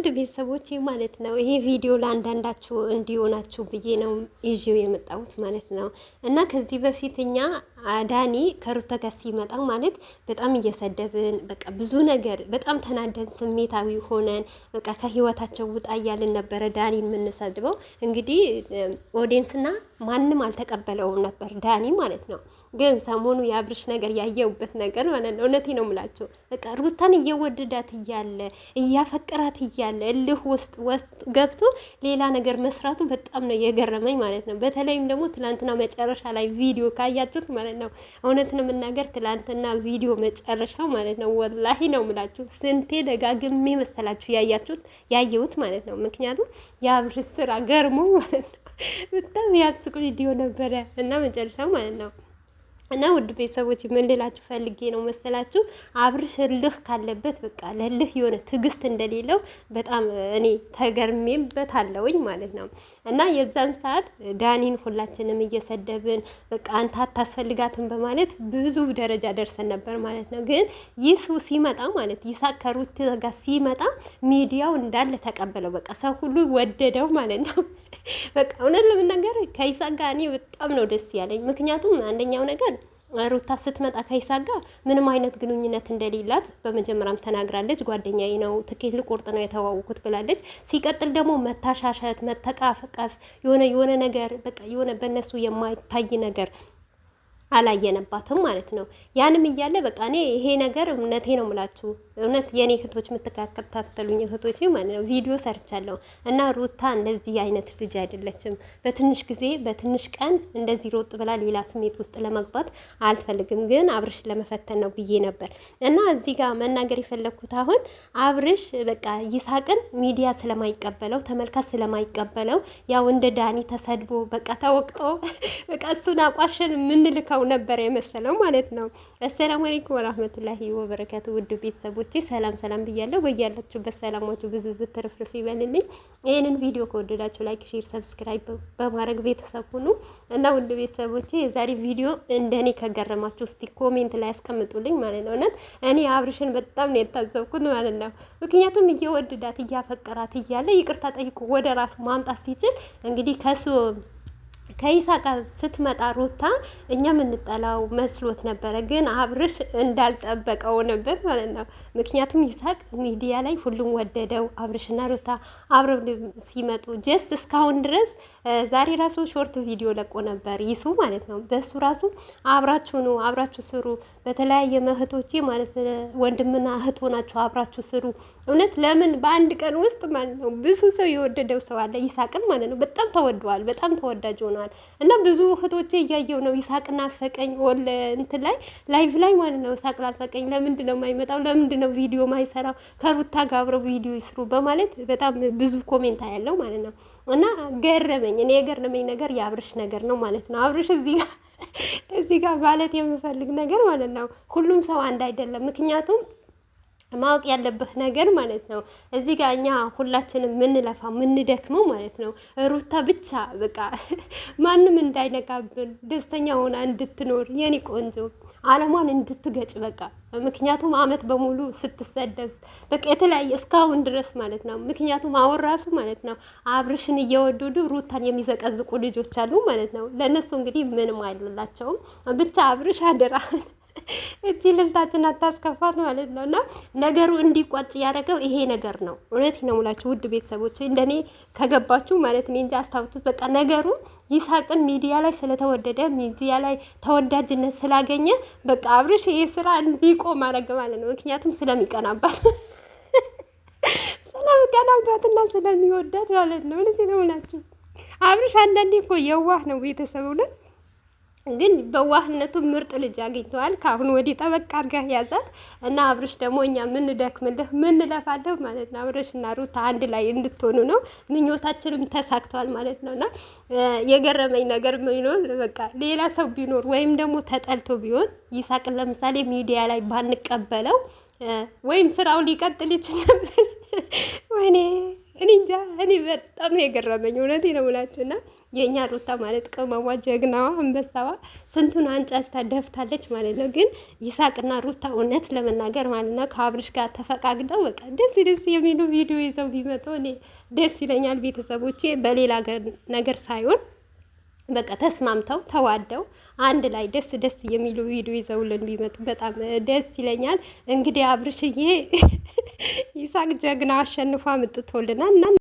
ውድ ቤተሰቦቼ ማለት ነው ይሄ ቪዲዮ ለአንዳንዳችሁ እንዲሆናችሁ ብዬ ነው ይዤው የመጣሁት ማለት ነው እና ከዚህ በፊት እኛ አዳኒ ከሩታ ጋር ሲመጣ ማለት በጣም እየሰደብን በቃ ብዙ ነገር በጣም ተናደን ስሜታዊ ሆነን በቃ ከህይወታቸው ውጣ እያልን ነበረ ዳኒ የምንሰድበው። እንግዲህ ኦዲየንስና ማንም አልተቀበለውም ነበር ዳኒ ማለት ነው። ግን ሰሞኑ የአብርሽ ነገር ያየውበት ነገር ማለት ነው። እውነቴ ነው የምላቸው በቃ ሩታን እየወደዳት እያለ እያፈቅራት እያለ እልህ ውስጥ ገብቶ ሌላ ነገር መስራቱ በጣም ነው የገረመኝ ማለት ነው። በተለይም ደግሞ ትናንትና መጨረሻ ላይ ቪዲዮ ካያችሁት ማለት ማለት ነው። እውነት ነው የምናገር ትላንትና ቪዲዮ መጨረሻው ማለት ነው ወላሂ ነው የምላችሁ ስንቴ ደጋግሜ መሰላችሁ ያያችሁት ያየሁት ማለት ነው። ምክንያቱም የአብርሽ ስራ ገርሞ ማለት ነው በጣም ያስቅ ቪዲዮ ነበረ እና መጨረሻው ማለት ነው እና ውድ ቤተሰቦች ምን ልላችሁ ፈልጌ ነው መሰላችሁ፣ አብርሽ እልህ ካለበት በቃ ለልህ የሆነ ትዕግስት እንደሌለው በጣም እኔ ተገርሜበት አለውኝ ማለት ነው። እና የዛን ሰዓት ዳኒን ሁላችንም እየሰደብን በቃ አንተ አታስፈልጋትም በማለት ብዙ ደረጃ ደርሰን ነበር ማለት ነው። ግን ይህ ሲመጣ ማለት ይሳከሩት ከሩት ሲመጣ ሚዲያው እንዳለ ተቀበለው፣ በቃ ሰው ሁሉ ወደደው ማለት ነው። በቃ እውነት ነገር ከይሳቅ ጋር እኔ በጣም ነው ደስ ያለኝ። ምክንያቱም አንደኛው ነገር ሩታ ስትመጣ ከይሳቅ ምንም አይነት ግንኙነት እንደሌላት በመጀመሪያም ተናግራለች። ጓደኛዬ ነው፣ ትኬት ልቆርጥ ነው የተዋወቁት ብላለች። ሲቀጥል ደግሞ መታሻሸት፣ መተቃቀፍ የሆነ የሆነ ነገር በቃ የሆነ በእነሱ የማይታይ ነገር አላየነባትም ማለት ነው። ያንም እያለ በቃ እኔ ይሄ ነገር እውነቴ ነው የምላችሁ እውነት የእኔ እህቶች የምትከታተሉኝ እህቶች ማለት ነው ቪዲዮ ሰርቻለሁ እና ሩታ እንደዚህ አይነት ልጅ አይደለችም። በትንሽ ጊዜ በትንሽ ቀን እንደዚህ ሮጥ ብላ ሌላ ስሜት ውስጥ ለመግባት አልፈልግም፣ ግን አብርሽ ለመፈተን ነው ብዬ ነበር እና እዚህ ጋር መናገር የፈለግኩት አሁን አብርሽ በቃ ይሳቅን ሚዲያ ስለማይቀበለው ተመልካች ስለማይቀበለው ያው እንደ ዳኒ ተሰድቦ በቃ ተወቅጦ በቃ እሱን አቋሸን የምንልከው ሰው ነበር የመሰለው ማለት ነው። አሰላሙ አለይኩም ወራህመቱላሂ ወበረካቱ። ውድ ቤተሰቦቼ ሰላም ሰላም ብያለሁ። በያላችሁበት ሰላማችሁ ብዙ ዝትርፍርፍ ይበልልኝ። ይህንን ቪዲዮ ከወደዳችሁ ላይክ፣ ሼር፣ ሰብስክራይብ በማድረግ ቤተሰብ ሁኑ እና ውድ ቤተሰቦቼ የዛሬ ቪዲዮ እንደኔ ከገረማችሁ እስቲ ኮሜንት ላይ ያስቀምጡልኝ ማለት ነው። እውነት እኔ አብርሽን በጣም ነው የታዘብኩት ማለት ነው። ምክንያቱም እየወደዳት እያፈቀራት እያለ ይቅርታ ጠይቁ ወደ ራሱ ማምጣት ሲችል እንግዲህ ከሱ ከይሳቅ ስትመጣ ሩታ እኛ የምንጠላው መስሎት ነበረ፣ ግን አብርሽ እንዳልጠበቀው ነበር ማለት ነው። ምክንያቱም ይሳቅ ሚዲያ ላይ ሁሉም ወደደው። አብርሽና ሩታ አብረው ሲመጡ ጀስት እስካሁን ድረስ ዛሬ ራሱ ሾርት ቪዲዮ ለቆ ነበር ይሱ ማለት ነው። በሱ ራሱ አብራችሁ ነው አብራችሁ ስሩ። በተለያየ እህቶቼ ማለት ወንድምና እህት ሆናችሁ አብራችሁ ስሩ። እውነት ለምን በአንድ ቀን ውስጥ ማለት ነው ብዙ ሰው የወደደው ሰው አለ። ይሳቅን ማለት ነው በጣም ተወደዋል፣ በጣም ተወዳጅ ሆነዋል። እና ብዙ እህቶቼ እያየው ነው ይሳቅን ናፈቀኝ ወለ እንትን ላይ ላይቭ ላይ ማለት ነው ይሳቅ ናፈቀኝ፣ ለምንድን ነው የማይመጣው? ለምንድን ነው ቪዲዮ ማይሰራው? ከሩታ ጋር አብረው ቪዲዮ ይስሩ በማለት በጣም ብዙ ኮሜንት ያለው ማለት ነው። እና ገረመኝ። እኔ የገረመኝ ነገር የአብርሽ ነገር ነው ማለት ነው። አብርሽ እዚህ ጋር እዚህ ጋር ማለት የምፈልግ ነገር ማለት ነው ሁሉም ሰው አንድ አይደለም። ምክንያቱም ማወቅ ያለብህ ነገር ማለት ነው። እዚህ ጋር እኛ ሁላችንም ምንለፋ ምንደክመው ማለት ነው ሩታ ብቻ በቃ ማንም እንዳይነካብን ደስተኛ ሆና እንድትኖር የኔ ቆንጆ አለሟን እንድትገጭ በቃ ምክንያቱም አመት በሙሉ ስትሰደብ በቃ የተለያየ እስካሁን ድረስ ማለት ነው። ምክንያቱም አሁን ራሱ ማለት ነው አብርሽን እየወደዱ ሩታን የሚዘቀዝቁ ልጆች አሉ ማለት ነው። ለእነሱ እንግዲህ ምንም አይሉላቸውም። ብቻ አብርሽ አደራ እጅ ልልታችን አታስከፋት ማለት ነው። እና ነገሩ እንዲቋጭ እያደረገው ይሄ ነገር ነው። እውነት ነው ሙላችሁ ውድ ቤተሰቦች እንደኔ ከገባችሁ ማለት ነው እንጂ አስታውቱት። በቃ ነገሩ ይሳቅን ሚዲያ ላይ ስለተወደደ ሚዲያ ላይ ተወዳጅነት ስላገኘ በቃ አብርሽ ይሄ ስራ እንዲቆም አደረገ ማለት ነው። ምክንያቱም ስለሚቀናባት ስለሚቀናባት ስለሚቀናባትና ስለሚወዳት ማለት ነው። እውነት ነው ሙላችሁ አብርሽ አንዳንዴ እኮ የዋህ ነው ቤተሰብ እውነት ግን በዋህነቱ ምርጥ ልጅ አግኝተዋል። ከአሁን ወዲህ ጠበቅ አድርጋ ያዛት እና አብርሽ ደግሞ እኛ ምንደክምልህ ምንለፋለህ ማለት ነው። አብርሽ እና ሩታ አንድ ላይ እንድትሆኑ ነው ምኞታችንም ተሳክተዋል ማለት ነው። እና የገረመኝ ነገር ቢኖር በቃ ሌላ ሰው ቢኖር ወይም ደግሞ ተጠልቶ ቢሆን ይሳቅን ለምሳሌ ሚዲያ ላይ ባንቀበለው ወይም ስራው ሊቀጥል ይችላል ወይኔ እኔ እንጃ እኔ በጣም ነው የገረመኝ። እውነቴ ነው ብላችሁ እና የእኛ ሩታ ማለት ቅመሟ፣ ጀግናዋ፣ አንበሳዋ ስንቱን አንጫጭታ ደፍታለች ማለት ነው። ግን ይሳቅና ሩታ እውነት ለመናገር ማለት ነው ከአብርሽ ጋር ተፈቃግደው በቃ ደስ ደስ የሚሉ ቪዲዮ ይዘው ቢመጡ እኔ ደስ ይለኛል። ቤተሰቦቼ በሌላ ነገር ሳይሆን በቃ ተስማምተው ተዋደው አንድ ላይ ደስ ደስ የሚሉ ቪዲዮ ይዘውልን ቢመጡ በጣም ደስ ይለኛል። እንግዲህ አብርሽዬ ይሳቅ ጀግና አሸንፏ አምጥቶልናል እና